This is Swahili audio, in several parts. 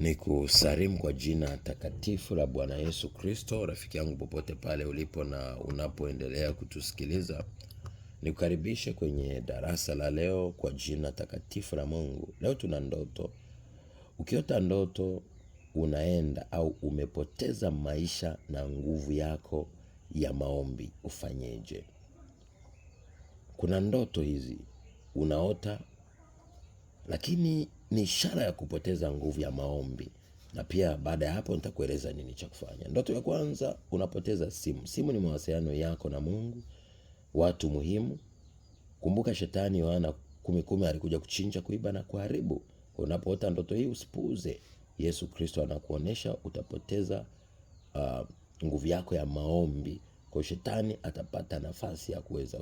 Ni kusalimu kwa jina takatifu la Bwana Yesu Kristo. Rafiki yangu popote pale ulipo na unapoendelea kutusikiliza, nikukaribishe kwenye darasa la leo kwa jina takatifu la Mungu. Leo tuna ndoto. Ukiota ndoto unaenda au umepoteza maisha na nguvu yako ya maombi, ufanyeje? Kuna ndoto hizi unaota, lakini ni ishara ya kupoteza nguvu ya maombi, na pia baada ya hapo nitakueleza nini cha kufanya. Ndoto ya kwanza, unapoteza simu. Simu ni mawasiliano yako na Mungu, watu muhimu. Kumbuka shetani Yohana kumi kumi alikuja kuchinja, kuiba na kuharibu. Unapoota ndoto hii usipuuze. Yesu Kristo anakuonyesha utapoteza uh, nguvu yako ya maombi, kwa shetani atapata nafasi ya kuweza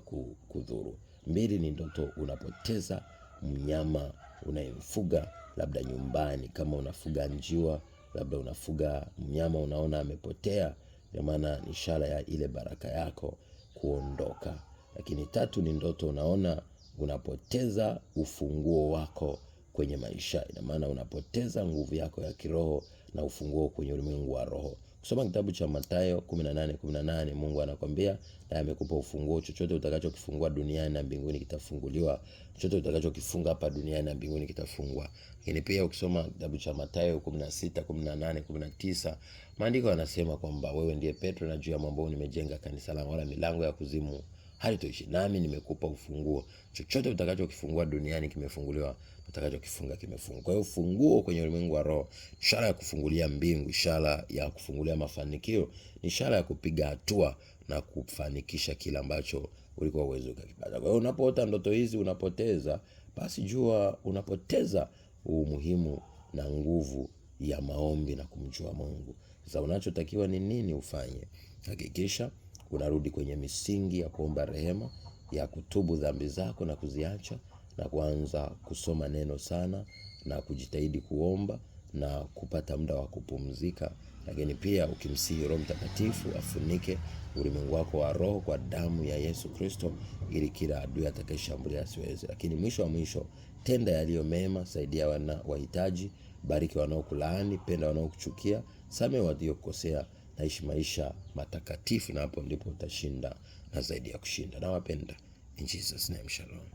kudhuru. Mbili ni ndoto unapoteza mnyama unayemfuga labda nyumbani, kama unafuga njiwa, labda unafuga mnyama unaona amepotea, ndio maana ni ishara ya ile baraka yako kuondoka. Lakini tatu ni ndoto unaona unapoteza ufunguo wako kwenye maisha, ina maana unapoteza nguvu yako ya kiroho na ufunguo kwenye ulimwengu wa roho. Soma kitabu cha Mathayo 18:18 Mungu anakwambia na amekupa ufunguo, chochote utakachokifungua duniani na mbinguni kitafunguliwa, chochote utakachokifunga hapa duniani na mbinguni kitafungwa. Lakini pia ukisoma kitabu cha Mathayo 16:18-19 maandiko yanasema kwamba wewe ndiye Petro na juu ya mwamba huu nimejenga kanisa langu, wala milango ya kuzimu halitoishi nami, nimekupa ufunguo. Chochote utakachokifungua duniani kimefunguliwa, utakachokifunga kimefungwa. Kwa hiyo funguo kwenye ulimwengu wa roho, ishara ya kufungulia mbingu, ishara ya kufungulia mafanikio, ni ishara ya kupiga hatua na kufanikisha kila ambacho ulikuwa uwezo ukakipata. Kwa hiyo unapoota ndoto hizi unapoteza, basi jua unapoteza umuhimu na nguvu ya maombi na kumjua Mungu. Sasa unachotakiwa ni nini ufanye? Hakikisha unarudi kwenye misingi ya kuomba rehema, ya kutubu dhambi zako na kuziacha na kuanza kusoma neno sana na kujitahidi kuomba na kupata muda wa kupumzika, lakini pia ukimsihi Roho Mtakatifu afunike ulimwengu wako wa roho kwa damu ya Yesu Kristo, ili kila adui atakayeshambulia asiweze. Lakini mwisho wa mwisho, tenda yaliyo mema, saidia wana wahitaji, bariki wanaokulaani, penda wanaokuchukia, same waliokukosea naishi maisha matakatifu, na hapo ndipo utashinda na zaidi ya kushinda. Nawapenda. In Jesus name, shalom.